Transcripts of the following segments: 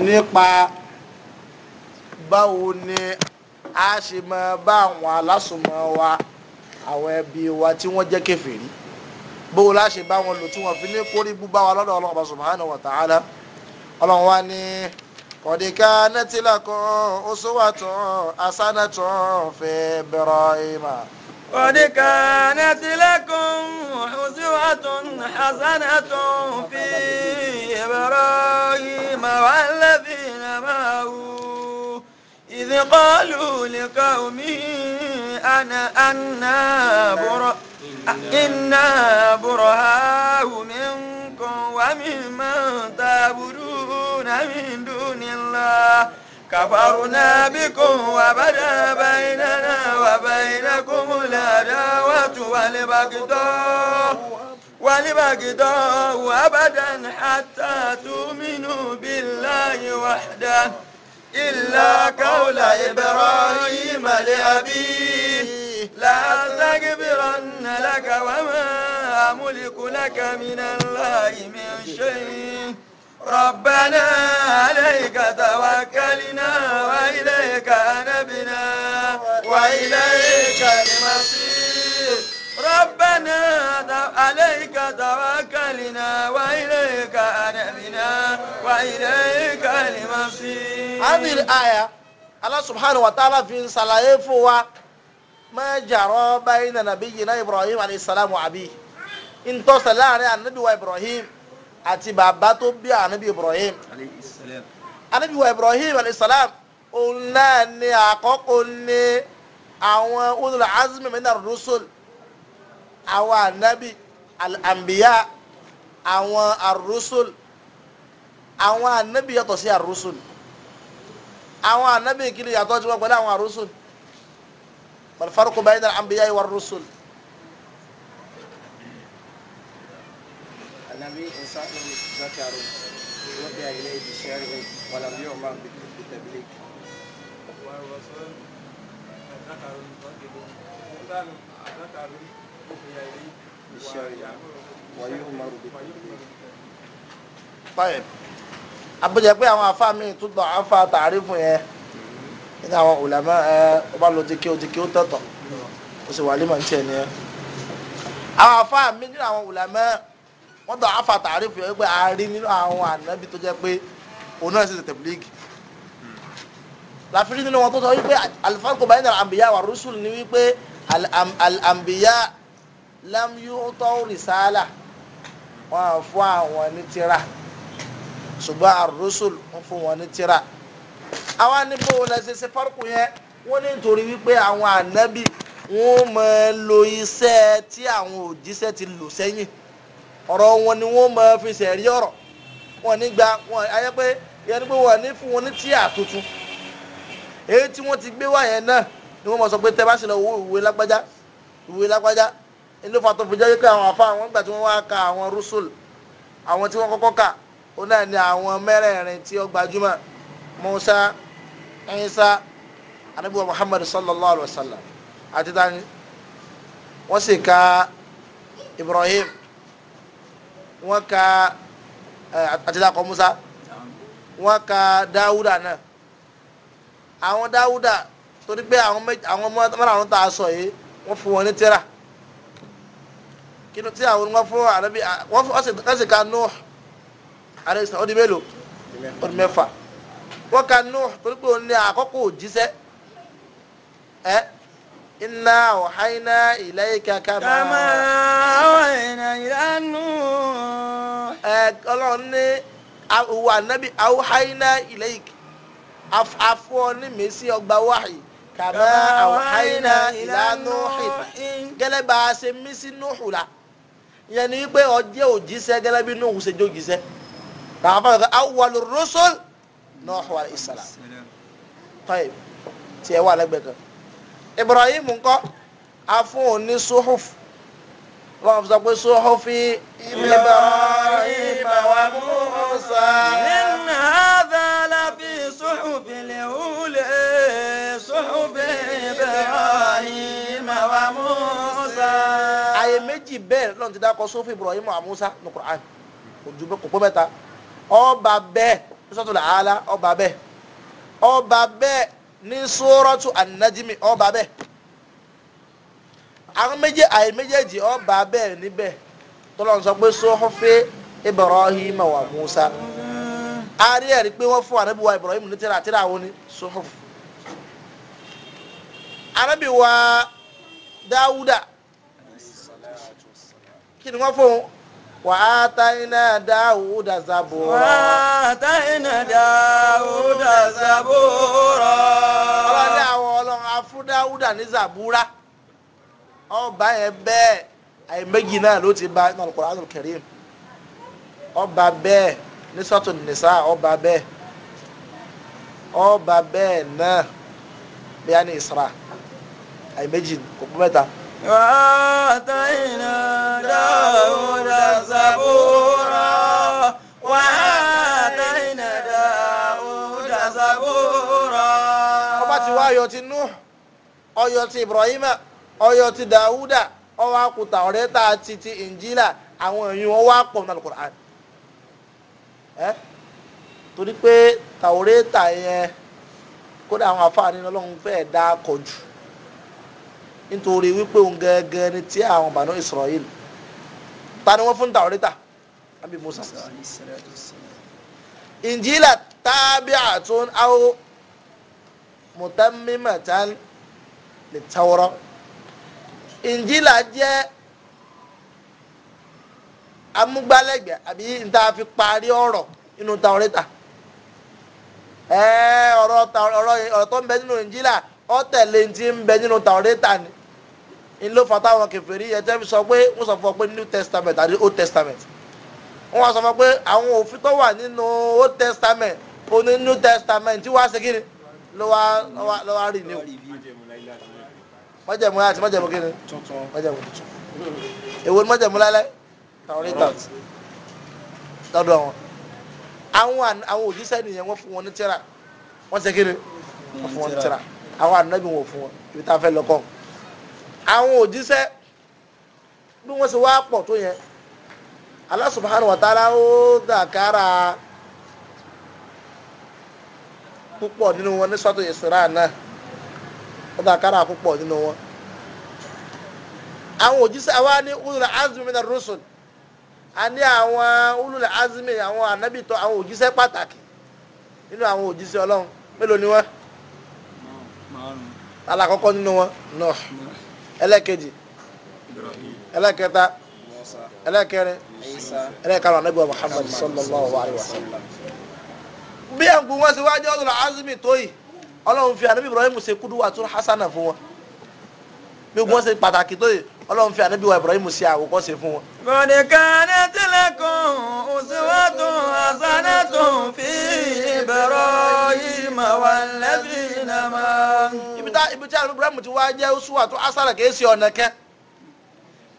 nípa báwo ni a ṣe máa bá àwọn alásùnmọ́ wa àwọn ẹbí wa tí wọ́n jẹ́ kèfèrí bó la ṣe bá wọn lò tí wọn fi ní kórí bú bá wa lọ́dọ̀ ọlọ́run ọba subhanahu wa ta'ala ọlọ́run wa ní qad kanat lakum uswatun hasanatun fi Ibrahima. قد كانت لكم أسوة حسنة في إبراهيم والذين معه إذ قالوا لقومهم أنا أنا برأ إنا برهاء منكم وممن تعبدون من دون الله كفرنا بكم وبدا بيننا وبينكم العداوة والبغضاء والبغضاء أبدا حتى تؤمنوا بالله وحده إلا قول إبراهيم لأبيه لا تكبرن لك وما أملك لك من الله من شيء ربنا عليك توكلنا وإليك أنبنا وإليك المصير ربنا عليك توكلنا وإليك أنبنا وإليك المصير هذه الآية الله سبحانه وتعالى في صلاة فوا ما جرى بين نبينا إبراهيم عليه السلام وأبيه انتصر لنا النبي وإبراهيم àti bàbá tó bí ànábì ibrahim ànábì wa ibrahim alayhisalaam òun náà ni àkọ́kọ́ ní àwọn ulul azmi minar rusul àwọn ànábì al-anbiya àwọn ar-rusul àwọn ànábì yàtọ̀ sí ar-rusul àwọn ànábì kiri yàtọ̀ tí wọ́n pẹ̀lú àwọn ar-rusul wal farqu bayna al-anbiya النبي إنسان ذكر رفع إليه بشعر ولم يؤمر بالتبليغ والرسول ذكر مطلب إنسان ذكر رفع إليه بشعر ويؤمر بالتبليغ طيب àbújá pé àwọn afá mi tún tàn án fa tààrífù yẹn nínú àwọn ulama ẹ ọ bá lọ jẹkẹ ó jẹkẹ ó tọ̀tọ̀ ó sì wà límọ̀ ní tiẹ̀ nìyẹn àwọn afá nínú àwọn ulama wọ́n dọ̀ afa tààrífù yẹn pé àárín nínú àwọn ànábì tó jẹ́ pé òun náà sì tètè bíléèkì láfírí nínú wọn tó sọ wípé alifarko bayan al-anbiya wa rusul ni wípé al-anbiya lam yu'taw risala wọn à fún àwọn ní tírà ṣùgbọ́n ar-rusul ń fún wọn ní tírà àwọn aníbò wọn lẹsẹ ṣe fárkù yẹn wọn ní nítorí wípé àwọn ànábì wọn máa lo iṣẹ́ tí àwọn òjíṣẹ́ ti lò sẹ́yìn ọ̀rọ̀ wọn ni wọ́n máa fi sẹ̀rí ọ̀rọ̀ wọn ní gba wọn ayé pé ìyẹn ni pé wọn ní fún wọn ní tíà tuntun èyí tí wọ́n ti gbé wá yẹn náà ni wọ́n mọ̀ sọ pé tẹ́ bá sì lọ wo ìwé lágbájá ìwé lágbájá inú fàtó fi jẹ́ pé àwọn afá àwọn gbà tí wọ́n wá ka àwọn rúṣùl àwọn tí wọ́n kọ́kọ́ kà ó náà ní àwọn mẹ́rẹ̀ẹ̀rin tí ó gbajúmọ̀ Musa Isa anabi wa Muhammad sallallahu alaihi wa sallam àti tani wọ́n sì ka Ibrahim wọ́n ka àtẹ̀dàkọ̀ musa wọ́n ka dáwúdà náà àwọn dáwúdà torí pé àwọn mọ́ra àwọn tá a sọ yìí wọ́n fún wọn ní tírà kí ló tí àwọn wọn fún àrẹ́bí wọ́n fún ọ̀sẹ̀ ká nù àrẹ́sìn ọdún mélòó ọdún mẹ́fà wọ́n ka nù torí pé òun ní àkọ́kọ́ òjíṣẹ́ ẹ́. Eh? iná ọ̀háiná ilẹ̀ ìkàkà máa. kàmá ọ̀háiná ìlànà. ẹ ọlọ́run ní àwọn ànábì ọ̀háiná ilẹ̀ ìkà afọ ní mèsì ọgbà wáyé kàmá ọ̀háiná ìlànà ìfà gẹ́lẹ́ bá a ṣe mí sí nùhù la ìyẹn ni wípé ọjẹ́ òjíṣẹ́ gẹ́lẹ́ bí nùhù ṣe jó jíṣẹ́ kàmá fún mi kọ́ awwalu rusul nùhù alayhi salam tọ́yì tiẹ̀ wà lẹ́gbẹ̀ẹ́ kan. ibrahim nkọ afún òní suhuf lọ́wọ́ sọ pé ibrahim wa musa. inna hadha la fi suhufi lehule ibrahim wa musa. méjì bẹ́ẹ̀ ti dákọ̀ ibrahim wa musa ní Qur'an kò ju mẹ́ta ọba bẹ́ẹ̀ sọ́tò làálà ọba bẹ́ẹ̀ ọba bẹ́ẹ̀. ní sórọ́tù ànájímì ọba bẹ́ẹ̀ àwọn méjì àyè méjèèjì ọba bẹ́ẹ̀ níbẹ̀ tọ́lọ́ pé sọ́hófẹ́ Ibrahim wa Musa a rí ẹ̀rí pé wọ́n fún ànábì wa Ibrahim ní tíra tíra àwọn ní sọ́hóf ànábì wa Dáwúdà kí ni wọ́n fún un. وآتينا داود زبورا وآتينا داود زبورا ọlọ́dẹ àwọn ọlọ́run afúdáwúdà ní zabura ọba yẹn bẹ́ẹ̀ àìméjì náà ló ti ba inú Al-Qur'an Al-Karim ọba bẹ́ẹ̀ ní sọ́tún nìsá ọba bẹ́ẹ̀ ọba bẹ́ẹ̀ náà bí a ní وآتينا داود زبورا وآتينا داود زبورا ọba ti wá ayọ̀ ti Nuh ọyọ̀ ti Ibrahima ọyọ̀ ti Dawuda ọwọ́ akuta ọ̀rẹ́ tá ti ti Injila àwọn èèyàn wọn wá pọ̀ nínú Al-Qur'an ẹ́ torí pé Tàwórẹ́tà yẹn kódà àwọn afáàní Ọlọ́run fẹ́ẹ́ dá kọjú nítorí wípé òun gẹ́gẹ́ ni tí àwọn bànú Israel ta ni wọ́n fún tàwọ́rẹ́tà àbí Musa Injila tabi'atun aw mutammimatan li Tawra Injila jẹ́ amúgbálẹ́gbẹ̀ẹ́ àbí níta fi parí ọ̀rọ̀ nínú tàwọ́rẹ́tà ọ̀rọ̀ tó ń bẹ nínú Injila ó tẹ̀lé ti ń bẹ nínú tàwọ́rẹ́tà ni ńlọ fata àwọn kèfèrí ẹjẹ fi sọ pé wọ́n sọ fún ọ pé new testament àti old testament wọ́n wá sọ fún ọ pé àwọn òfin tó wà nínú old testament oní new testament tí wàá ṣe kí ni ló wá ló wá rí ni o májẹ̀mú láti májẹ̀mú kí ni májẹ̀mú tuntun èwo ni májẹ̀mú láíláí tàwọn ní tàwọn lọ́dọ̀ wọn àwọn àwọn òjíṣẹ́ nìyẹn wọ́n fún wọn ní tíra wọ́n ṣe ni wọ́n fún wọn ní tíra àwọn ànábì wọn fún wọn ibi tá a fẹ́ lọ́kọ̀ọ́. àwọn òjíṣẹ́ bí wọ́n ṣe wá pọ̀ tó yẹn ó dàkárà púpọ̀ nínú wọn ní sọ́tò ìṣúra náà ó dàkárà púpọ̀ nínú wọn àwọn òjíṣẹ́ wa ní ulul azmi na rusul a ní àwọn ulul azmi àwọn anábìtọ́ àwọn òjíṣẹ́ pàtàkì nínú ẹlẹ́kejì ẹlẹ́kẹta ẹlẹ́kẹrin ẹlẹ́karùn anabi wa muhammad sallallahu alayhi wa sallam. bí àǹkú wọn ṣe wájú ọdún azumi tó yìí ọlọ́run fi anabi ibrahim ṣe kudwatun hasana fún wọn bí wọ́n ṣe pàtàkì tó yìí ọlọ́run fi anabi wa ibrahim ṣe àwòkọ́ṣe fún wọn. qad kanat lakum uswatun hasanatun fi ibrahim wal ladhina ma'ahu ibi tí àlùbọ̀ ibrahim ti wá jẹ́ uswa tó asara kìí ṣe ọ̀nà kẹ́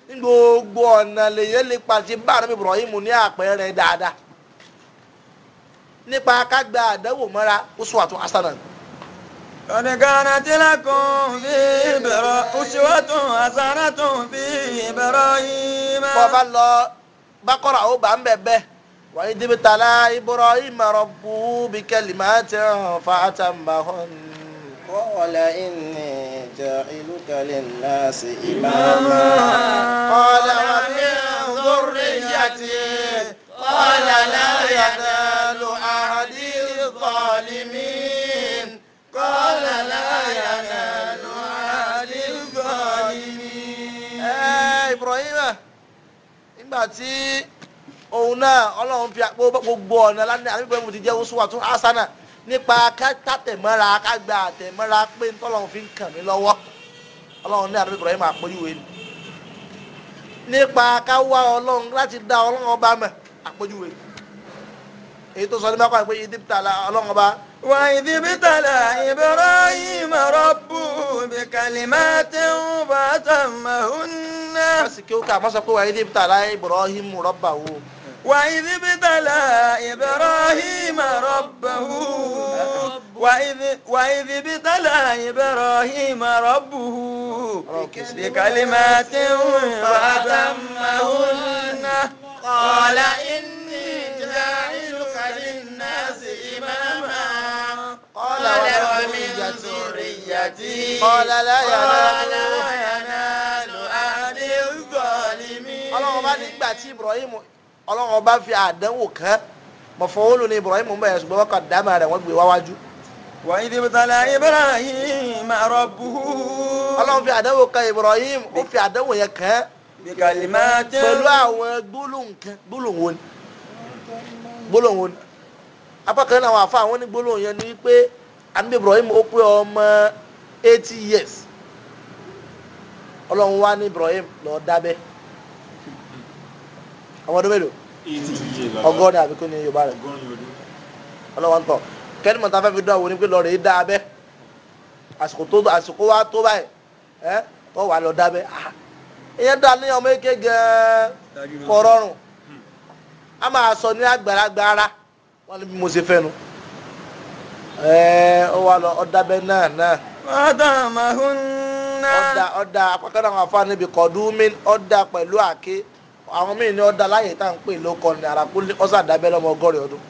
ní gbogbo ọ̀nà lèyẹ́ lè pàṣẹ bá àlùbọ̀ ibrahim ní àpẹẹrẹ dáadáa nípa kágbá àdánwò mọ́ra uswa tó asara ni. قد كانت لكم في إبرا... أسوة حسنة في إبراهيم bọ́ba lọ Bákọ́rà ó bá ń bẹ̀bẹ̀ وإذ ابتلى إبراهيم ربه بكلمات فأتمهن قال إني جاعلك للناس إماما قال ومن ذريتي قال لا ينال أهدي الظالمين قال لا ينال أهدي الظالمين ẹ Ibrahim nígbà tí òun náà Ọlọ́run fi àpò gbogbo ọ̀nà ládùúgbò àti gbogbo ẹ̀mú ti jẹ́ oṣù wà tún asana nípa kátàtẹ̀mọ́ra kágbà àtẹ̀mọ́ra pé ntọ́lọ́run fi ń kàn mí lọ́wọ́ ọlọ́run ní àdúgbò Ibrahim àpọ́júwe ni nípa káwá ọlọ́run láti dá ọlọ́run ọba mọ̀ àpọ́júwe ni èyí tó sọ ní bákan pé ìdí tààlà ọlọ́run ọba. wà ìdí bí tààlà Ibrahim rọ́bù bí kalimatin fatamahunna. wọ́n sì kí ó kà mọ́ sọ pé wà ìdí tààlà Ibrahim rọ́bà wo. وإذ ابتلى إبراهيم ربه وإذ, وإذ ابتلى إبراهيم ربه بكلمات فأتمهن قال إني جاعلك للناس إماما قال ومن ذريتي قال لا ينال أهل الظالمين. ọlọ́run bá nígbà tí ọlọ́run ọba fi àdánwò kan mọ̀fọ́wọ́lù ni ibrahim ń bẹ̀rẹ̀ ṣùgbọ́n wọ́kọ̀ dáàmà rẹ̀ wọ́n gbé e wáwájú. wa idh ibtala ibrahim rabbuhu. ọlọ́run fi àdánwò kan ibrahim ó fi àdánwò yẹn kan. bi kalimatin. pẹ̀lú àwọn gbólóhùn kan gbólóhùn wo ni gbólóhùn wo ni apá kan náà àwọn àfa àwọn ní yẹn ni pé ànábì ibrahim ó pé ọmọ eighty years ọlọ́run wá ní ibrahim lọ́ọ́ dábẹ́ ọmọ ọdún mélòó ọgọ́rin àbí kí ni yorùbá rẹ̀ ọlọ́wọ́ ń tọ̀ kẹ́ni mọ̀tà fẹ́ fi dán àwọn onípe lọ́ọ̀rẹ́ dá abẹ́ àsìkò tó àsìkò wa tó báyìí ẹ́ tó wà lọ dá abẹ́ ìyẹn dá ní ọmọ eke gan-an a máa sọ ní àgbàlagbà ara wọn ni bí mo ṣe fẹ́ nu ẹ ọ wà lọ ọ dábẹ́ náà náà. ọ̀dà màhún náà. ọ̀dà ọ̀dà apákan náà wà fún àníbi kọ̀ọ̀dúnmí ọ̀dà pẹ̀lú àké àwọn míì ní ọ̀dà láyè tá à ń pè lóko ní àràpò ọ̀sà dábẹ́ lọ́mọ ọgọ́rin ọdún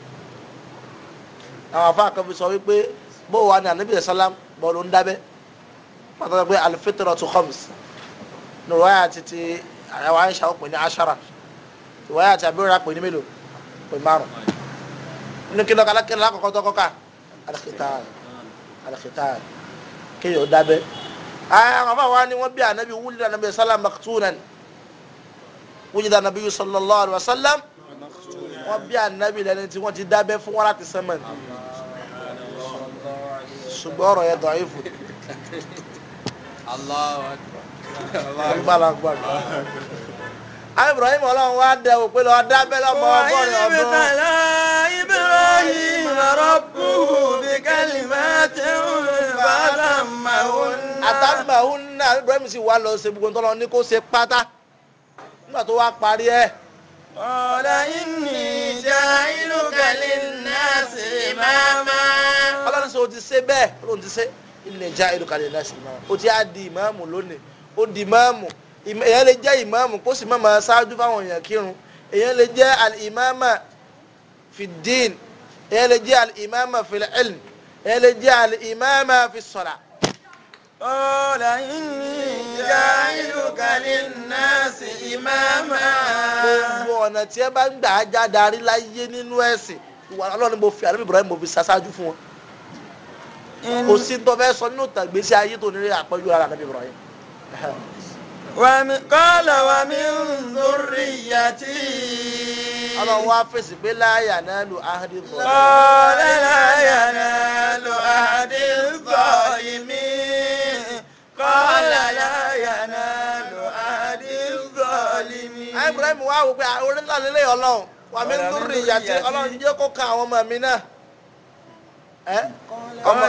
àwọn afa kan fi sọ wípé bó wà ní ànábìyẹ sálám bọ́ọ̀lù ń dábẹ́ pàtàkì pé alifitira tu khams ní wáyà títí àwọn àyíṣà ó pè ní ashara wáyà tí abirira pè ní mélòó pè márùn nínú kí lọ́kọ́ alákẹ́lẹ́ lákòókò tó kọ́ka alikitaan alikitaan kéèyàn dábẹ́ àwọn afa wa ni wọ́n bí ànábì wúlò ànábìyẹ sálám maktunan wúnyídà nàbí sallallahu alaihi wasallam wọ́n bí ànábì lẹ́ni tí wọ́n ti dábẹ́ fún wọn láti sẹ́mẹ̀ ní ṣùgbọ́n ọ̀rọ̀ yẹn dọ̀ọ́yìn fún Ibrahim ọlọ́run wá dẹ òpè lọ dábẹ́ lọ́mọ ọgọ́rin ọdún. wàá ibùdó Ibrahim rọ́bù bí kálímà tí ó bá lámà ó ná. àtàgbà Ibrahim sì wá lọ ṣe gbogbo ntọ́lọ́ ní kó ṣe pátá nígbà tó wá parí ẹ̀. ọ̀la inni ja'iluka linnasi imama. ọlọ́run sọ o ti ṣe bẹ́ẹ̀ ọlọ́run ti ṣe inni ja'iluka linnasi imama o ti á di ìmáàmù lónìí ó di ìmáàmù èèyàn lè jẹ́ ìmáàmù kó sì má máa ṣáájú fáwọn èèyàn kírun èèyàn lè jẹ́ al-imama fi din èèyàn lè jẹ́ al-imama fi al-ilm èèyàn lè jẹ́ al-imama fi salat. قال إني جاعلك للناس إماما. gbogbo ọ̀nà tí ẹ bá ń gbà á já darí láyé nínú ẹ̀sìn ìwà ọlọ́run mo fi àdébí Ibrahim mo fi ṣaṣáájú fún wọn. kò sí tó fẹ́ sọ nínú ìtàgbésí ayé tó nílé àpọ́jú ara àdébí Ibrahim. قال ومن ذريتي ọlọ́run wá fèsì pé láyà náà lu ahadi bọ̀. قال لا ينال عهد الظالمين. Ibrahim wá wò pé orí ńlá lélẹ̀ ọlọ́run wà mí lórí ìyàtí ọlọ́run yóò kó ka àwọn ọmọ mi náà ọmọ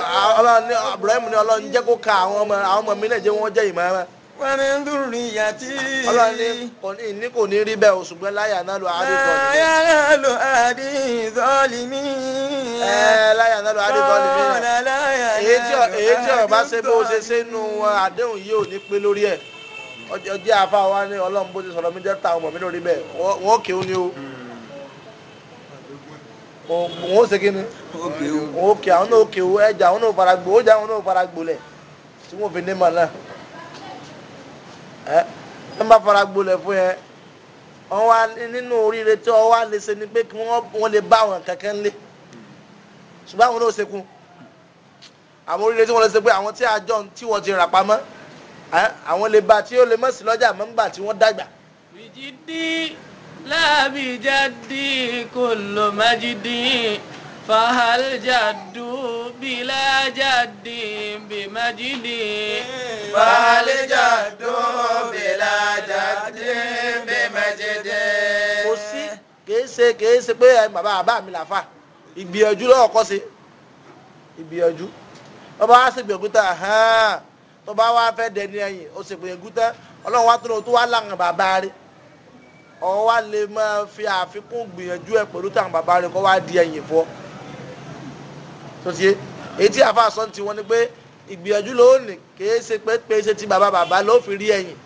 Ibrahim ní ọlọ́run jẹ́ kó ka àwọn ọmọ mi náà jẹ́ wọ́n jẹ́ ìmọ̀ wàmí dùrì yàtí. ọlọ́ni ní kò ní rí bẹ́ẹ̀ oṣù gbọ́n láyà náà lọ àdìgọ́ ni. láyà náà lọ àdìgọ́ ni mí. ẹ láyà náà lọ àdìgọ́ ni mí. ọ̀nà láyà náà lọ èyí tí ọba ṣe bó ṣe ṣe nù àdéhùn yìí ò ní pé lórí ẹ̀ ọjọ́ àfa wa ní ọlọ́run bó ṣe sọ̀rọ̀ mi jẹ́ ta ọmọ mi lórí bẹ́ẹ̀ wọ́n kéwù ni o. òun ó ṣe kí ni. òun ó kéwù àwọn náà ó kéwù ẹja àwọn náà ó fara gbò ó jẹ àwọn náà ó fara gbò lẹ̀ tí wọ́n fi ní mọ̀ náà ẹ wọn bá fara gbolẹ̀ fún yẹn wọn wá nínú oríire tí wọn wá lè ṣe ni pé kí wọn lè bá àwọn kankan lé ṣùgbọ́n àwọn náà ṣekú àwọn oríire tí wọn lè ṣe pé àwọn tí àjọ tí wọn ti rà pamọ́ àwọn lè bá tí ó lè mọ̀ sí lọ́jà mọ́ nígbà tí wọ́n dàgbà. bìjì dín láàbì jáde kò lò má dín fàhálì jáde. بلا جد بمجد فهل جد بلا جد بمجد kò sí kìí ṣe kìí ṣe pé bàbá bàbá mi làfà ìgbìyànjú lọ́wọ́ kọ́ sí ìgbìyànjú bàbá wa ṣe gbìyànjú tán tó bá wá fẹ́ dẹni ẹ̀yìn ó ṣe gbìyànjú ọlọ́run wá tó lọ tó wá láwọn bàbá rẹ̀ ọ̀ wá lè máa fi àfikún gbìyànjú ẹ̀ pẹ̀lú táwọn bàbá rẹ̀ kó wá di ẹ̀yìn fún tó ti yé etí àfàsọ ti wọn ni pé ìgbìyànjú ló ní kìí ṣe pé pé ti bàbá bàbá ló fi rí ẹ̀yìn.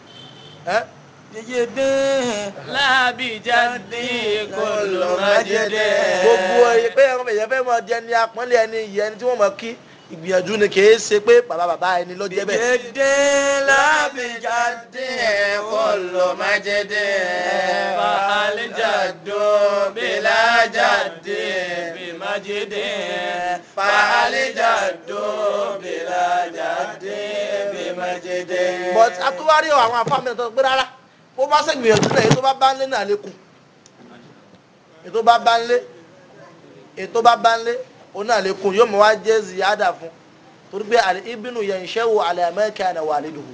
Yeye bẹ́ẹ̀ lábìjà ní kòlòmájẹ́dẹ́. Gbogbo ẹ̀yẹ pé ẹ̀rọ fẹ́ mọ di ẹni apọ́nlé ẹni ìyẹn ẹni tí wọ́n mọ̀ kí ìgbìyànjú ni kìí ṣe pé bàbá bàbá ẹni ló jẹ́ bẹ́ẹ̀. Yeye lábìjà ní kòlòmájẹ́dẹ́. Fàálíjà dùn bí lájà dé. مجد فالجد بلا but atúwárí àwọn àfáàmì tó gbé rárá bó bá ṣe gbìyànjú náà ètò bá bá ń lé náà lékun ètò bá bá ń lé ètò bá bá ń lé òun náà lékun yóò mọ wá jẹ́ ziyada fún torí pé ibinu yẹn ṣẹ́ wo àlẹ́ amẹ́ríkà náà wà lédùn.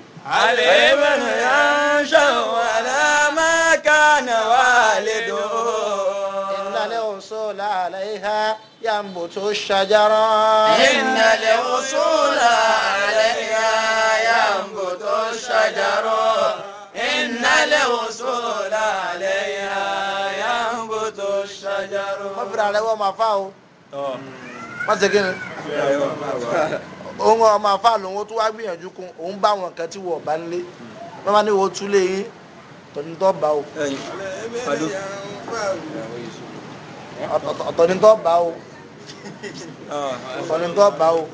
àlẹ́ ibinu yẹn ṣẹ́ wo àlẹ́ amẹ́ríkà náà wà lédùn. الأصول عليها ينبت الشجرة إن الأصول عليها ينبت الشجرة إن الأصول عليها ينبت الشجر مفر على هو ما فاو ما سكين òun ọmọ àfáà lòun tó wá gbìyànjú kún òun bá àwọn nǹkan tí wọ́n bá ń lé wọ́n máa ní wo túlé yín tọ́jú tó bá o ọ̀tọ̀ ni tó bá o ọ̀tọ̀ ni tó bá o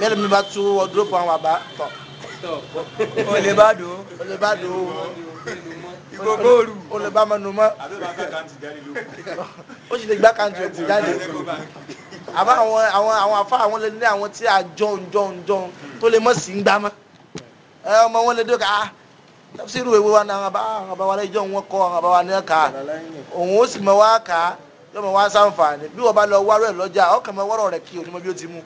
bẹ́ẹ̀ mi bá tú wọ́dúrópù àwọn àbá tọ̀. o lè bá dò ó. o lè bá dò ó. ìgò góòlù. o lè bá mọnu mọ. o sì lè gbá kàǹtì òkú jáde. àbá àwọn àwọn àwọn afá àwọn lè ní àwọn tí a jọun jọun jọun tó lè mọ̀ sí ń gbá mọ́. ọmọ wọn lè dókè ah tafsiru ìwé wa náà àwọn àbá wa lẹ́jọ́ wọn kọ́ àwọn àbá wa náà kà á òun ó sì mọ wá kà á yọmọ wá sáǹfààní bí wọn bá lọ wárò ẹ lọ́jà ọkàn mọ wọ́rọ̀ rẹ kí onímọ̀ bí ti mú.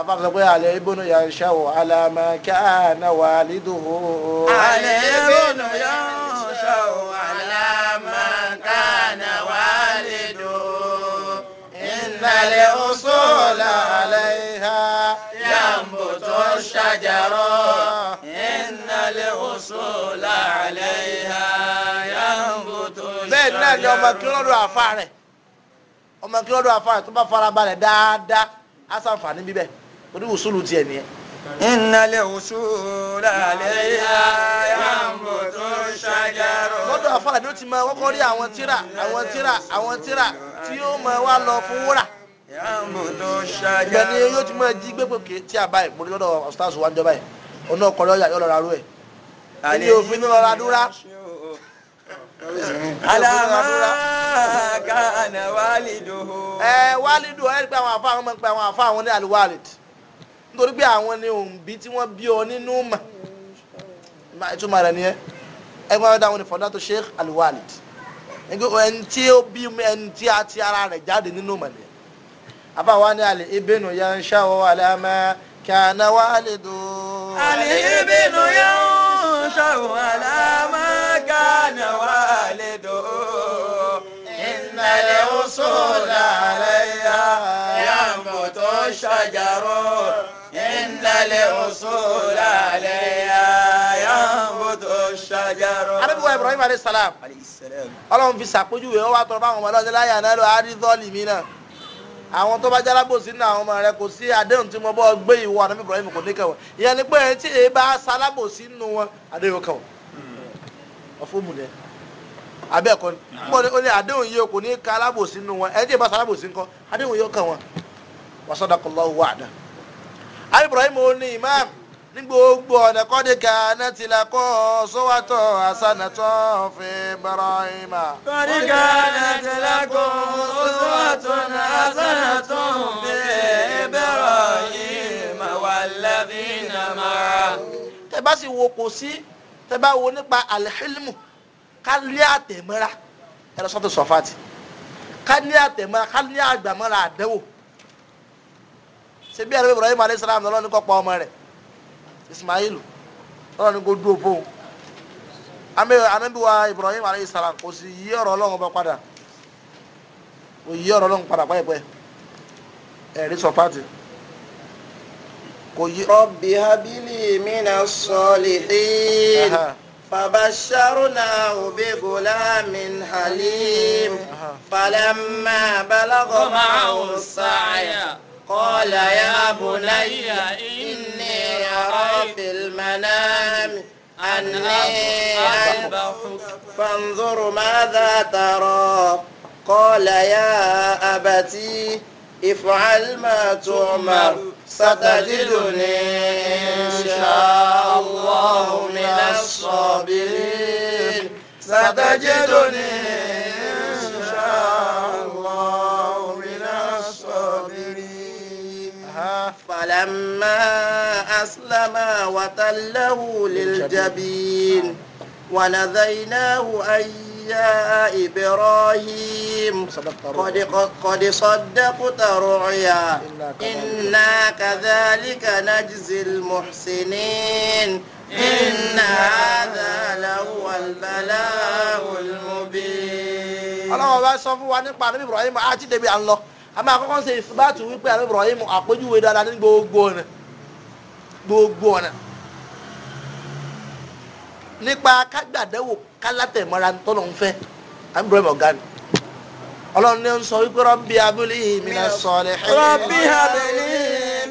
àbá hmm. sọ pé àlẹ́ ibùnú yà ń ṣàwọ̀ àlàmà káàna wà lídùú. àlẹ́ ibùnú yà ń ṣàwọ̀ àlàmà káàna wà lídùú. ìnàlẹ̀ òṣòlà. mọ̀sọ́lá àlẹ́ ìhà yá ń bò tó ìṣàlẹ̀. bẹ́ẹ̀ náà ni ọmọ kí lọ́dọ̀ àfa rẹ̀ ọmọ kí lọ́dọ̀ àfa rẹ̀ tó bá farabalẹ̀ dáadáa á sàǹfààní bíbẹ̀ orí wùsùlù tiẹ̀ nìyẹn. ìnàlẹ̀ wùsùlù àlẹ́ ìhà yá ń bò tó ìṣàjàrò. lọ́dọ̀ àfa ti máa kọ́kọ́ rí àwọn tíra tí a báyìí mo ní lọ́dọ̀ ọ̀sítàṣù wájú báyìí ọ̀nà ọkọ̀ lọ́yà yóò lọ́ra rú ẹ̀ èmi ò fi lọ́ra dúrà. alama kana walido. ẹ walido ẹ pé àwọn àfa àwọn ọmọ pé àwọn àfa àwọn ní aliwalid nítorí pé àwọn ni òǹbí tí wọ́n bí ọ nínú mà ìtumọ̀ rẹ̀ nìyẹn ẹgbẹ́ wọn dáhùn ní fọdátò sheikh aliwalid ẹni tí ó bí ẹni tí a ti ara rẹ̀ jáde nínú mà nìyẹn àbáwá ní àlè ibinu ya ń ṣàwọ́ àlẹ́ àmẹ́ kí àná àlè ibinu ya. ń. ينشر على ما كان والده إن الوصول عليها ينبت الشجر إن الوصول عليها anabiwa Ibrahim alayhi salam Ọlọ́run fi sàpèjúwe ọwọ àtọrọ báwọn ọmọ ọlọsẹ láyà náà lọ àdìsọ lìmí náà. àwọn tó bá jẹ́ alábòsí nínú àwọn ọmọ rẹ kò sí àdéhùn tí mo bọ́ gbé ìwọ àdébí Ibrahim kò ní ìyẹn ni pé ẹni tí èyí bá salábòsí nínú wọn àdéhùn mu ní àdéhùn kò ní ka alábòsí ní gbogbo ọ̀nà kọ́díkà nẹ́tì lakọ́ sọ́wọ́tọ̀ àsánàtọ̀ fi Ibrahima. kọ́díkà nẹ́tì lakọ́ sọ́wọ́tọ̀ àsánàtọ̀ fi Ibrahima wàlẹ́bínà máa. tẹ bá sì wo kò sí tẹ bá wo nípa alihilmu ká lé àtẹ̀mọ́ra ẹ lọ sọ́tò sọ́fàtì ká lé àtẹ̀mọ́ra ká lé àgbàmọ́ra àdẹ́wò ṣe bí ẹ̀rọ Ibrahima alayhi salam lọ́lọ́ ní kọ́ pa ọmọ rẹ̀ ismail ọlọ́run ní kó dúró fóun anabiwa ibrahim alayhi salam kò sì yí ọ̀rọ̀ ọlọ́run bá padà kò yí ọ̀rọ̀ ọlọ́run padà pẹ́ẹ́pẹ́ ẹ̀rí sọ pàtì kò yí. rọ̀bì habili mina sọ̀lìhìn fàbàṣàrùnà òbí gùlámin halim falẹ́mà balagọ́ máa ń sáyà. قال يا بني إني أرى في المنام أني أذبحك فانظر ماذا ترى قال يا أبتي افعل ما تؤمر ستجدني إن شاء الله من الصابرين ستجدني فلما أسلما وتله للجبين ونذيناه أن يا إبراهيم قد, قد صدقت رعيا إنا كذلك نجزي المحسنين إن هذا لهو البلاء المبين. ọlọ́run ọba sọ fún wa nípa ànábì Ibrahim àti dèbí à a máa kọ́kọ́ ṣe ìfúbátù wípé àlọ́ Ibrahim àpéjúwe dáadáa ní gbogbo ọ̀nà gbogbo ọ̀nà nípa kágbàdẹ́wò kálátẹ̀mọ́ra tọ́lọ̀ ń fẹ́ àmì Ibrahim ọ̀gá ni ọlọ́run ní ń sọ wípé rọ́bì abúlé minas salihin. rọ́bì abúlé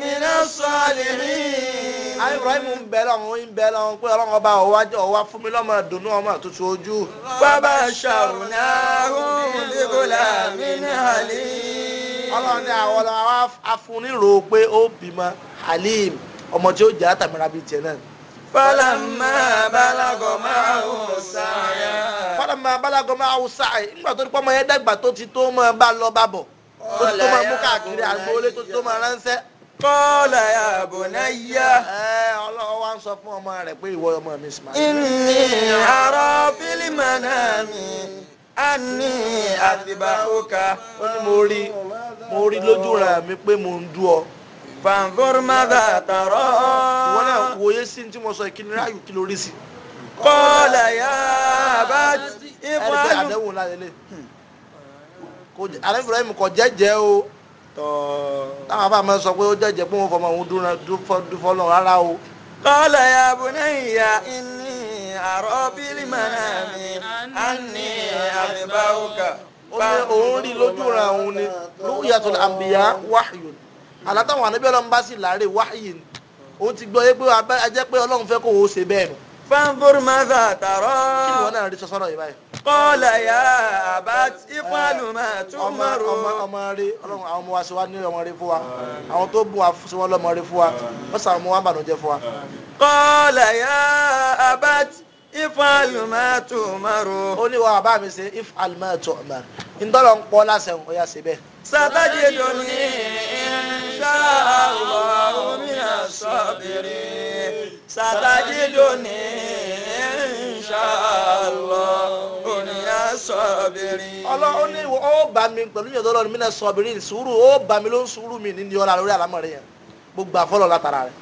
minas salihin. ayé Ibrahim ń bẹ lọ́wọ́ ń bẹ lọ́wọ́ pé ọlọ́run ọba ọ̀wájọ́ ọ̀wá fún mi lọ́mọ dùnú ọmọ àtúntò ojú. bàbá ṣàrùn náà ń dìbò láàmì ní àlè. ọlọ́run ní àwọn ọlọ́run afúnirò pé ó bímọ halim ọmọ tí ó jẹ́ àtàmìíràn bíi tiẹ̀ náà. fọlọ́mà balagọ̀ máa ń sáyà. fọlọ́mà balagọ̀ máa ń sáyà nígbà tó ní pọ́nmọ yẹn dàgbà tó ti tó máa bá lọ bá bọ̀ tó ti tó máa mú káàkiri àgbọ̀ọ́lé tó ti tó máa ránṣẹ́. kọ́ọ̀lá àbùnáyà. ọlọ́run wá ń sọ fún ọmọ rẹ̀ pé ìwọ ọmọ mi sì máa. ìnì a ní àtìbá òkà ó ní mo rí mo rí lójú ra mi pé mo ń dú ọ. fanfori mada tọrọ. wọn náà wòye sí tí mo sọ ìkíni ráàyò kí lórí sí. kọ́lá yá bá ifá lù. ẹni pé àdéhùn náà lélẹ̀ àdéhùn Ibrahim kò jẹ́jẹ́ o táwọn afáàmọ sọ pé ó jẹ́jẹ́ pé wọ́n fọmọ òun dúró fọlọ́ rárá o. kọ́lá yá bu náà yá iná àrọ́ bílí màná mi ó ní òun lójú ra òun ni ru'yatul anbiya wahyun àlátàwọn ànábì ọlọ́run bá sì láàárẹ̀ wahyun òun ti gbọ́ yé pé ajẹ́ pé ọlọ́run fẹ́ kó o ṣe bẹ́ẹ̀ nù. فانظر ماذا ترى قال يا أبت افعل ما تؤمر ọmọ rẹ Ọlọ́run àwọn ọmọ wa ṣe wá ní ọmọ rẹ fún wa àwọn tó bùn wa ṣe wọn lọmọ rẹ fún wa wọn sàmú wa bànújẹ́ fún wa. قال يا أبت if alimatu maru. ó ní wàá bá mi ṣe if alimatu maru ntọ́lọ̀ ń pọ́ lásán ó yà sí bẹ́ẹ̀. sàtàjì lóní insha Allah mina sabirin sàtàjì lóní insha Allah mina sabirin. ọlọ́run ní ó bá mi pẹ̀lú ìyọ̀dọ́ lọ́run mina sabirin sùúrù ó bá mi ló ń sùúrù mi ní ìyọ̀lá lórí àlámọ̀ rẹ̀ yẹn gbogbo àfọlọ́ látara rẹ̀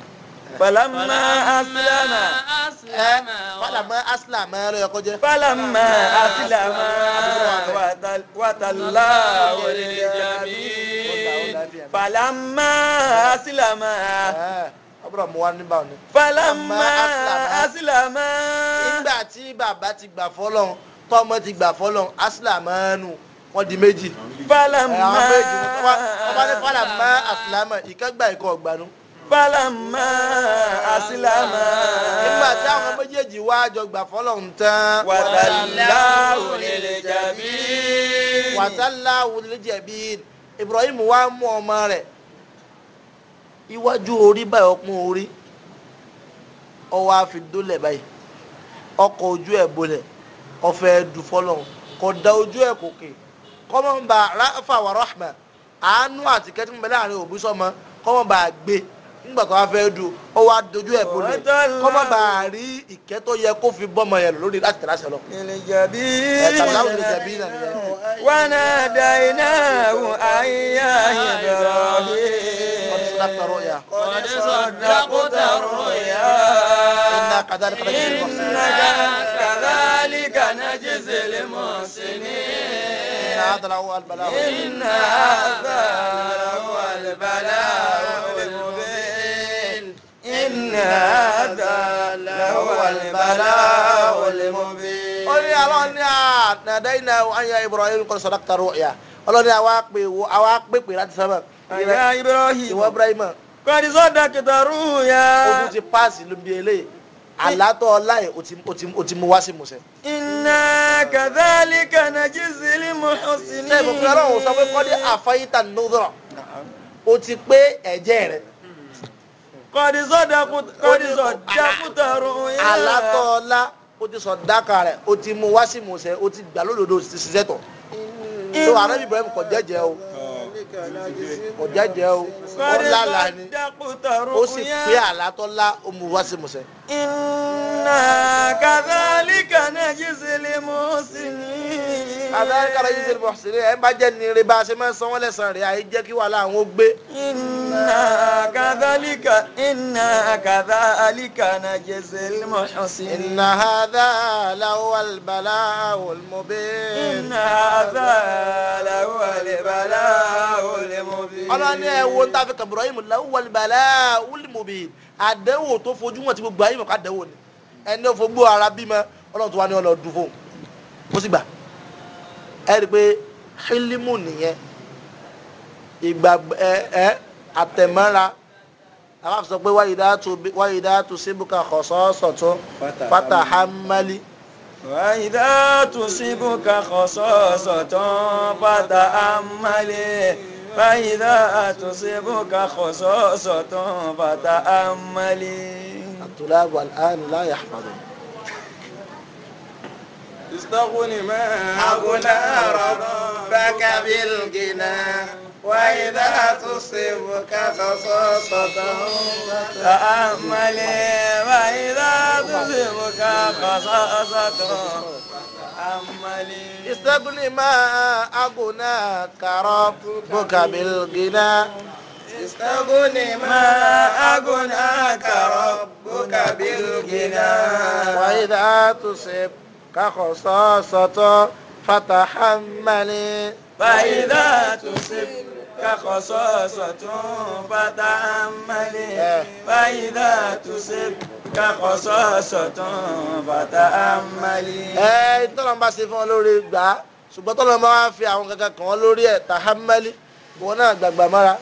falama asilama. falama asilama ló yẹ kó jẹ. falama asilama wàtàlá wọlé jàmí. falama asilama eh, àbúrò mu wa níbà ni. falama asilama. nígbà tí bàbá ti gbà fọlọ́n tọ́mọ ti gbà fọlọ́n asilama nù wọ́n di méjì. falama. Eh, àwọn méjì wọ́n bá ní falama asilama ìkẹ́gbà ìkọ̀ ọ̀gbà nù falamma asilama. nígbà tí àwọn méjèèjì wá jọ gbà fọ́lọ́run tán. wàtàláwù lè jẹ̀bi. wàtàláwù lè jẹ̀bi. Ibrahim wá mú ọmọ rẹ̀ iwájú orí báyìí ọpọ́n orí ọwọ́ àfi dólẹ̀ báyìí ọkọ̀ ojú ẹ̀ bolẹ̀ ọ̀fẹ́ ẹ̀dùn fọ́lọ́run kò da ojú ẹ̀ kòkè kọ́mọ̀ ń ba ráfà wà rahma àánú àti kẹ́tùmọ̀ láàrin òbí sọ́mọ kọ́mọ̀ gbé ńgbà tó wá fẹ́ du ó wá dojú ẹ̀ bolẹ̀ kọ́ má bàa rí ìkẹ́ tó yẹ kó fi bọ́mọ yẹn lórí láti tẹ̀lé àṣẹ lọ. ìlìjàbí wọn àdá iná àwọn àyà ìbẹ̀rọ ọ̀dẹ sọ̀dá kó tàrọ̀ yá. iná kàdálíkà náà jẹ́ mọ̀ iná kàdálíkà náà jẹ́ mọ̀ هذا له البلاء إن هذا له إن هذا لهو البلاء المبين ó ní ọlọ́run ní àdàdà iná ayé Ibrahim kọ́ sọ́dọ̀ kọ́ rúùyà ọlọ́run ní àwa pè wò àwa pè pè láti sábà. ayé Ibrahim ìwọ Ibrahim. kọ́ni sọ́dọ̀ kìtà rúùyà. ogun ti paasi ló ń bi eléyìí àlátọ́ ọlá ẹ̀ o ti mú wá sí musẹ̀. inna kadhalika najzil muhsinin. sẹ́yìn mo fi ọlọ́run sọ pé kọ́ni àfọyín ta nùdọ̀rọ̀ o ti pé ẹ̀jẹ̀ rẹ̀ kọ́dísọ́dà kúta rúyà. alátọ́ọ̀lá ó ti sọ dáka rẹ̀ ó ti mú wá sí ìmúṣẹ ó ti gbà lódodo ti ṣiṣẹ́ tọ̀. ìlú arábì Ibrahim kò jẹ́jẹ́ o kò jẹ́jẹ́ o ó lálàá ni ó sì pé alátọ́ọ̀lá ó mú wá sí ìmúṣẹ inna kàdálíkà náà jísìlì mọ́sìnì. kàdálíkà náà jísìlì mọ́sìnì ẹ̀ bá jẹ́ ní rẹ bá a ṣe máa ń sanwó lẹ́sàn-án rẹ̀ àyè jẹ́ inna kàdálíkà inna kàdálíkà náà jísìlì mọ́sìnì. inna hadha lawal bala olmobe. inna hadha lawal bala olmobe ọlọ́ni ẹ wo tá a fi kàbùrọ̀ yìí mọ̀lá wọlé balẹ̀ wúlì mọ̀bì àdéhùn tó fojú wọn ti gbogbo ayé mọ̀ ká dẹ́wò ni ẹni ò fogbó ara bímọ ọlọ́run tó wá ní ọlọ́ dùn fóun ó sì gbà ẹ rí i pé hílímù nìyẹn ìgbà ẹ ẹ àtẹ̀mọ́ra àwọn àfisọ pé wáyé dá tu síbùkà kọ̀sọ́ọ̀sọ̀ tó pátá hámálí. وإذا تصبك خصاصة فتأمله فإذا تصيبك خصوصة فتأملي الطلاب الآن لا يحفظون استغني ما أغنى ربك بالغنى وإذا تصيبك خصوصة فتأملي وإذا تصيبك خصوصة عملي استغني ما كرب ربك بالغنى استغني ما كرب ربك بالغنى وإذا تصبك خصاصة فتحملي فإذا تصبك كخصاصة فتأملي فإذا تصب كخصاصة فتأملي. ẹ tọ́lọ́ bá ṣe fún ọ lórí gbà á ṣùgbọ́n tọ́lọ́ bá wá fi àwọn kankan kàn án lórí ẹ̀ tàhámẹ́lì wọn náà gbàgbà mára.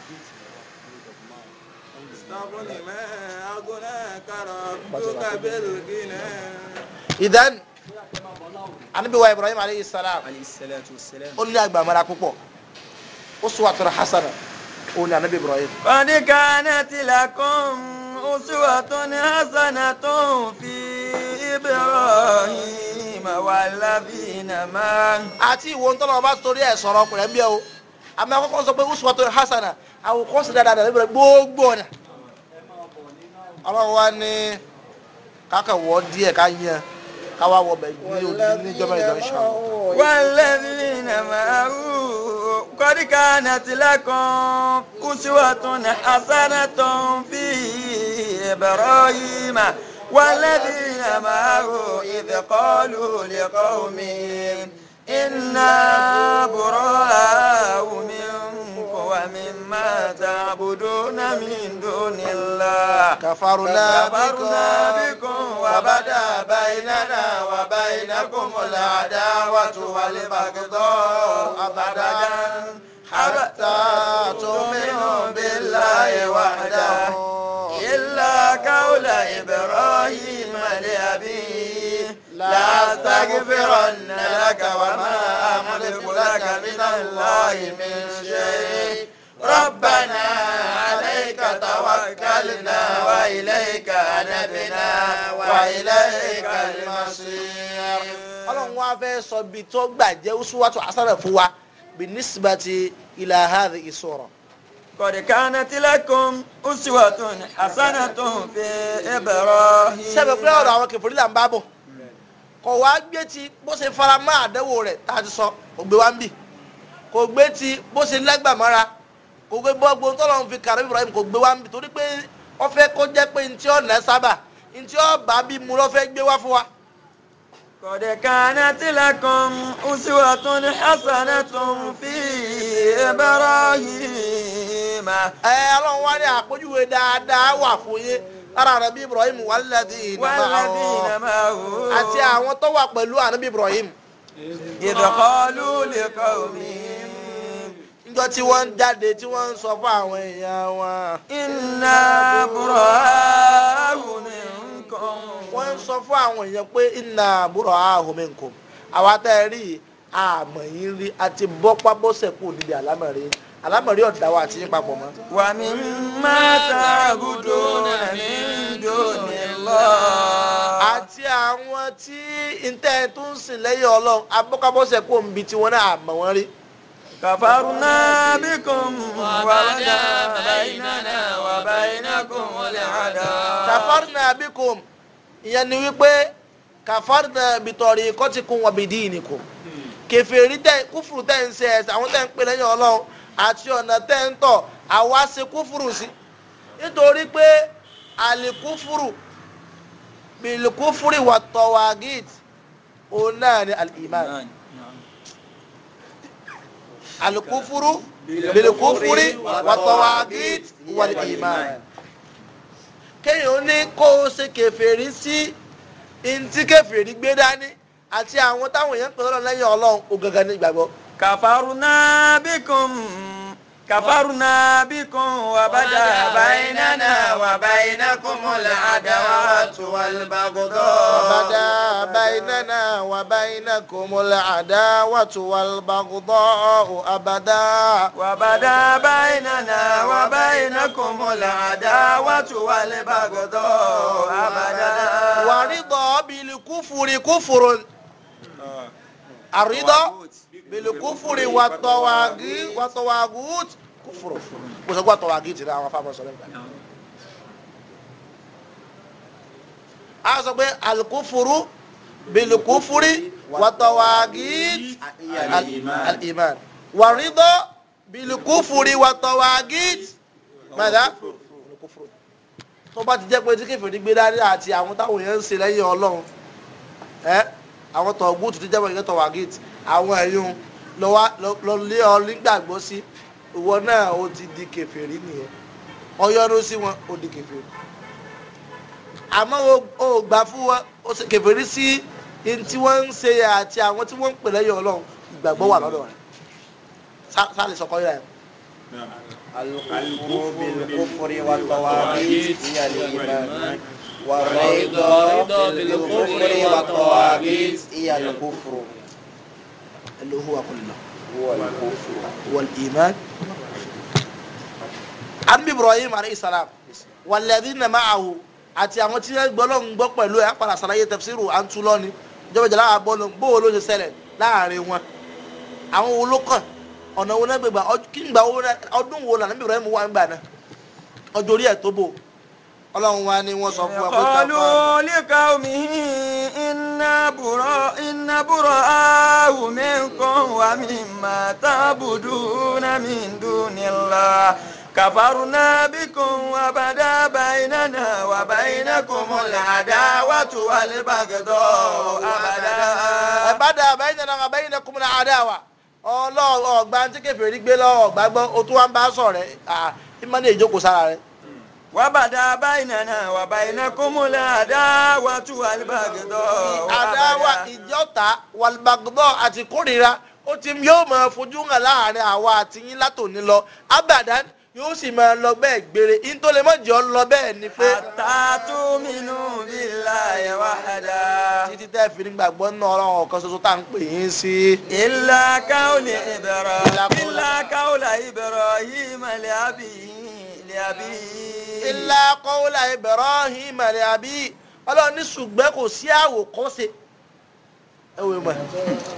ìdán anabi Ibrahim aleyhi salam ó ní àgbà mára uswatun hasana òun ni anabi ibrahim. qad kanat lakum uswatun hasanatun fi ibrahim walladhina ma. àti ìwọ ntọ́nà ọba torí ẹ̀ sọ̀rọ̀ ọkùnrin ẹ̀ ń bí ẹ o àmì àkọ́kọ́ sọ pé uswatun hasana àwòkọ́sí dáadáa ní ibrahim gbogbo ọ̀nà. ọlọ́run wa ní káka wọ́ díẹ̀ ká yẹn káwá wọ bẹ̀ ní ìjọba ìjọba ìṣàlọ́. walladhina ma'ahu. قد كانت لكم أسوة حسنة في إبراهيم والذين معه إذ قالوا لقومهم إنا براء من ومما تعبدون من دون الله كفرنا بكم وبدا بيننا وبينكم العداوة والبغضاء أبدا حتى تؤمنوا بالله وحده إلا قول إبراهيم لأبيه لأستغفرن لك وما أملك لك من الله من شيء ربنا عليك توكلنا وإليك أنبنا وإليك المصير ọlọ́run wa fẹ́ sọ bí tó gbàjẹ́ uswatu asara fún wa bí nisbati ila hadhi isura. قد كانت لكم أسوة حسنة في إبراهيم. sẹ́bẹ̀ pé ọ̀rọ̀ àwọn kẹfìrí là ń bá bọ̀. kò wá gbé ti bó ṣe fara mọ́ rẹ̀ tá a kò gbé wá ń bì kò gbé ti bó ṣe lágbàmọ́ra kò gbé gbogbo tọ́lọ́run fi kàrí Ibrahim kò gbé wá ń bì torí pé ọ fẹ́ kó jẹ́ pé ntí ọ̀nà sábà ntí ọ̀bà bí mu gbé wá fún wa. ẹ ọlọ́run wá ní dáadáa wà ara anabi ibrahim walladhina ma'ahu àti àwọn tó wà pẹ̀lú anabi ibrahim. idh qalu liqawmihim njọ tí wọ́n ń jáde tí wọ́n ń sọ fún àwọn èèyàn wọn. inna bura'u minkum. wọ́n ń sọ fún àwọn èèyàn pé inna bura'u minkum àwa tá ẹ rí àmọ̀ yín rí àti bọ́pá bọ́sẹ̀ kù níbi àlámọ̀ rí alámọ̀rí ọ̀dà wa àti yín papọ̀ mọ́. wà mí má tààbùdó nàní ìjọ ní lọ. àti àwọn tí ntẹ́ tó ń sìn lẹ́yìn ọlọ́run abọ́kábọ́sẹ̀ kò ń bi tiwọn náà àmọ́ wọn rí. kàfárúná bí kò ń wà lọ́dà báyìí wà báyìí náà kò ń wọlé àdá. kàfárúná bí kò ìyẹn ni wípé kàfárúná bìtọ̀rì kọ́tìkùn wọ̀bìdì ìnìkò kẹfẹ́ rí tẹ́ kúfùrù tẹ́ ń ṣe ẹ̀sẹ̀ àwọn tẹ́ ń pè lẹ́yìn ọlọ́run àti ọ̀nà tẹ́ńtọ̀ àwa ṣe kúfùrù sí nítorí pé àlìkúfùrù bìlìkúfùrì wà tọ̀wàgìt òun náà ni alìmáàn àlìkúfùrù bìlìkúfùrì wà tọ̀wàgìt wà alìmáàn kéèyàn ní kó o ṣe kèfèrí sí ntí kèfèrí gbé dání àti àwọn táwọn èèyàn pè lọ́rọ̀ lẹ́yìn ọlọ́run ògangan ní ìgbàgbọ́. كفرنا بكم كفرنا بكم وبدا بيننا وبينكم العداوة والبغضاء وبدا بيننا وبينكم العداوة والبغضاء أبدا وبدا بيننا وبينكم العداوة والبغضاء أبدا ورضا بالكفر كفر الرضا bilukufuri wàtọwàgùt kúfùrù kò sọ pé àtọwàgìtì rẹ àwọn afáàmọ sọ̀rọ̀ nípa. a sọ pé alukufuru bilukufuri wàtọwàgìt aliman wàrídọ bilukufuri wàtọwàgìt mẹ́ta bilukufuru tó bá ti jẹ́ pé tí kẹfìrí gbé dání àti àwọn táwọn èèyàn ń ṣe lẹ́yìn ọlọ́run ẹ àwọn tọ̀gùtù ti jẹ́ pé kẹfìrí tọ̀wàgìtì àwọn ẹ̀yún lọ lé ọ nígbàgbọ́ sí ìwọ náà ó ti di kèfèrí nìyẹn ọyọ́rú sí wọn ó di kèfèrí àmọ́ o gbà fún wọn ó ṣe kèfèrí sí ní tí wọ́n ń ṣe àti àwọn tí wọ́n ń pè lẹ́yìn ọlọ́run ìgbàgbọ́ wà lọ́dọ̀ rẹ̀ sáà lè sọkọ́ yíra ẹ̀. القلب بالكفر والطواغيت هي الإيمان والرضا بالكفر والطواغيت هي الكفر اللي هو قل والإيمان ànábì Ibrahim عليه السلام والذين معه àti àwọn tí wọ́n gbọ́ lọ́n gbọ́ pẹ̀lú ẹ̀ apàdà sàlàyé tafsiru à ń tu lọ́ni ìjọba ìjọba àwọn abọ́ lọ́n bóòló ṣe ṣẹlẹ̀ láàrin wọn àwọn wo ló kàn ọ̀nà wo náà gbégbá ọdún wo lànà ànábì Ibrahim wà ń gbà náà ọjọ́ orí ẹ̀ tó bò ọlọ́run wa ni wọ́n sọ fún wa pé kàfá. ọlú líka omi iná búrọ̀ áhù mẹ́kan wà mí mà tábùdú náà mi dùn nílá. كفرنا بكم وبدا بيننا وبينكم العداوة والبغضاء أبدا بدا بيننا وبينكم العداوة ọlọ́ọ̀gbà tí kẹfẹ́ rí gbé lọ́wọ́ gbàgbọ́ o tún wá ń bá sọ̀rẹ́ ah, ìmọ̀ ní ìjókòó sára rẹ̀ wabada bainana wabaina kumula adawa tu alibagidọ. adawa ìjọta walibagidọ àti kórìíra ó ti yóò máa fojú hàn láàrin àwa àti yín látòní lọ abadan yóò sì máa lọ bẹ́ẹ̀ gbére ntòlémọ́jọ́ lọ bẹ́ẹ̀ ni pé. àtàtúmínú billahi wahada. títí tẹ́ fi ní gbàgbọ́ nínú ọlọ́run ọ̀kan ṣoṣo tá à ń pè yín sí. illa kaula Ibrahim illa kaula Ibrahim ìmàlẹ́ àbí yín lẹ́àbí. ilá kọ́wọ́lá Ibrahim lẹ́àbí ọlọ́run ní ṣùgbọ́n kò sí àwòkọ́ṣe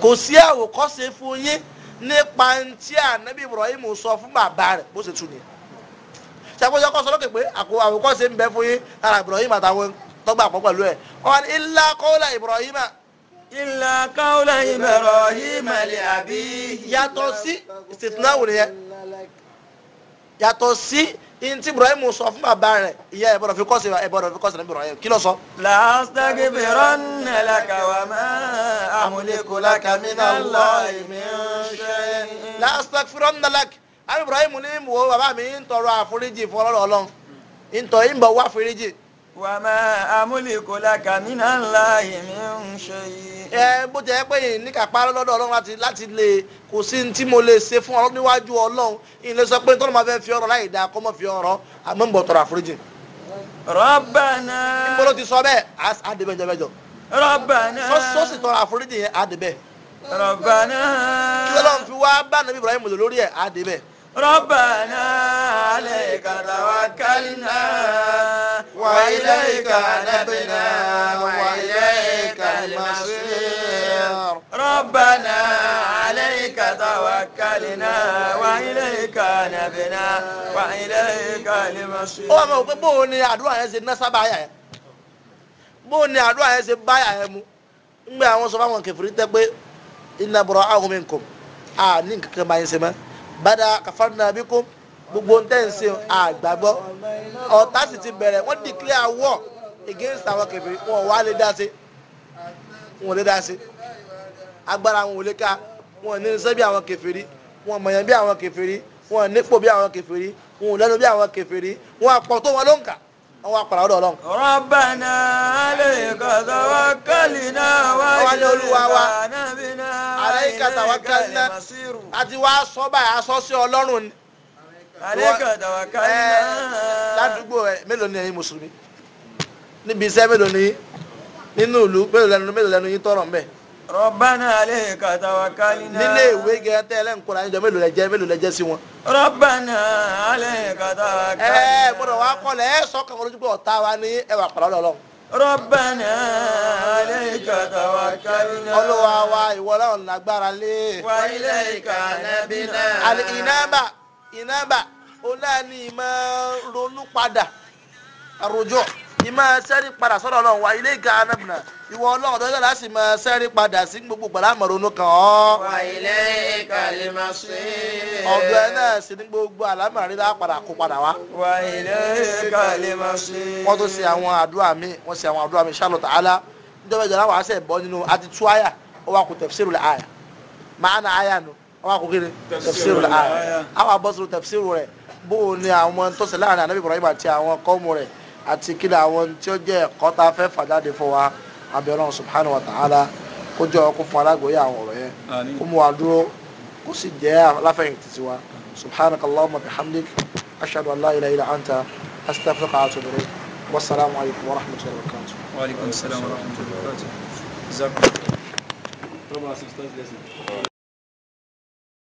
kò sí àwòkọ́ṣe fún yín nípa tí ànábì Ibrahim sọ fún bàbá rẹ̀ bó ṣe tún ni ṣàkóso ọkọ sọlọ́kè pé àwòkọ́ṣe ń bẹ fún yín lára Ibrahim àtàwọn tọ́gbà pọ̀ pẹ̀lú ẹ̀ wọ́n ní ilá kọ́wọ́lá Ibrahim ilá kọ́wọ́lá Ibrahim lẹ́àbí. yàtọ̀ sí ìṣètúnáwó nìyẹn yàtọ̀ sí ntí Ibrahim sọ fún bàbá rẹ̀ ìyá ẹ̀ bọ̀dọ̀ fi kọ́ sí ẹ̀ bọ̀dọ̀ fi kọ́ sí ẹ̀ Ibrahim kí ló sọ. làásìtàgì mìíràn nílẹ̀ kàwá mọ́ àmúlẹ̀kọ́ lákàmínà lọ́ ìmí ṣe. làásìtàgì mìíràn nílẹ̀ kàwá Ibrahim ní wo bàbá mi ń tọrọ àforíjì fún ọlọ́run ń tọ́ ń bọ̀ wá àforíjì وما أملك لك من الله من شيء ẹ bó jẹ́ pé yìí ní kápá lọ́dọ̀ ọlọ́run láti láti lè kò sí tí mo lè ṣe fún ọlọ́run níwájú ọlọ́run yìí lè sọ pé tọ́lọ́ máa fẹ́ fi ọ̀rọ̀ láì dáa kọ́ mọ́ fi ọ̀rọ̀ àmọ́ ń bọ̀ tọrọ àforíjì. Rabbana. níbo ti sọ bẹ́ẹ̀ àdèbẹ̀jọ̀bẹ̀jọ̀. Rabbana. sọ́sì tọrọ àforíjì yẹn àdèbẹ̀. Rabbana. kí lọ́n fi wá bá ربنا عليك توكلنا وإليك نبنا وإليك المصير ربنا عليك توكلنا وإليك نبنا وإليك المصير ọmọ òpin bóun ni àdúrà yẹn ṣe ná sábàáyà yẹn bóun ni àdúrà yẹn ṣe báyà yẹn mu ń gbé àwọn sọ fáwọn kẹfìrí tẹ pé inna bura'ahu minkum à ní nǹkan kan bá yín ṣe mọ́ bàdà kàfàdúnà bíkún gbogbo ń tẹ̀sí àgbàgbọ́ ọ̀tá sì ti bẹ̀rẹ̀ wọ́n declare war against àwọn kẹfìrí wọn wà lè dá sí wọn lè dá sí agbára wọn ò lè ka wọn ní iṣẹ́ bí àwọn kẹfìrí wọn mọ̀yàn bí àwọn kẹfìrí wọn nípò bí àwọn kẹfìrí wọn ò lẹ́nu bí àwọn kẹfìrí wọn àpọ̀ tó wọn ló ń kà wọ́n wá padà ọ̀dọ̀ ọlọ́run. rọ́bànà alẹ́ kọ́tà wá kọ́lì náà wá yìí olúwa wa alẹ́ kọ́tà wá kọ́lì náà àti wá sọ báyìí aṣọ sí ọlọ́run ni. alẹ́ kọ́tà wá kọ́lì náà. ládùúgbò ẹ mélòó ni ẹ̀yin mùsùlùmí níbi iṣẹ́ mélòó ni nínú ìlú mélòó lẹ́nu mélòó lẹ́nu yín tọrọ mbẹ́ rọ́bánà alẹ́ kàtàwà kálínà. nílé ìwé gẹ́gẹ́ tẹ́ ẹ lẹ́nkọ́ la ń jọ mélòó lẹ jẹ́ mélòó lẹ jẹ́ sí wọn. rọ́bánà alẹ́ kàtàwà ẹ gbọ́dọ̀ wa kọ́lẹ̀ ẹ sọ kankan lójú pé ọ̀tá wa ní ẹwà pàlọ́ lọ́lọ́. rọ́bánà alẹ́ kàtàwà kálínà. olúwa wa ìwọ lọ́run lágbára lé. wà ilé ìkà nẹ́bí àlè ìnáàbà ìnáàbà ó náà ronú padà àròjọ ìmọ̀ sẹ́rí padà sọ́dọ̀ ọlọ́run wa ilé ga anábìnà ìwọ ọlọ́run tó yẹlá sì mọ sẹ́rí padà sí gbogbo gbàlá àmọ̀rònú kan ọ́. wà ilé ìkàlẹ̀ máa ṣe é. ọ̀dọ̀ ẹ náà sì ní gbogbo àlámọ̀rí lá padà kó padà wá. wà ilé ìkàlẹ̀ máa ṣe é. wọ́n tó ṣe àwọn àdúrà mi wọ́n ṣe àwọn àdúrà mi ṣàlọ̀ tààlà nítorí ìjọba wàá sẹ̀ bọ́ nínú àti tú àyà ó wà kó tafsirul àyà màánà àyà nù ó wà kó tafsirul àyà àwọn àbọ̀sọ̀rọ̀ tafsirul rẹ̀ bó o ní àwọn tó ṣe láàrin ànábì Ibrahim àti àwọn kọ́ọ̀mù rẹ̀ àti kí ni àwọn tí ó jẹ́ ẹ̀kọ́ tá a fẹ́ fà jáde fún wa abẹ́rẹ́ subhanahu wa ta'ala kó jọ kó fún alágbóyè àwọn ọ̀rọ̀ yẹn kó mú wa dúró kó sì jẹ́ aláfẹ̀yìntì tiwa subhanaka allahumma bihamdik ashhadu an la ilaha illa anta astaghfiruka wa atubu ilayk wasalaamu alaykum wa rahmatullahi wa barakatuh. wa alaykum wa rahmatullahi wa barakatuh.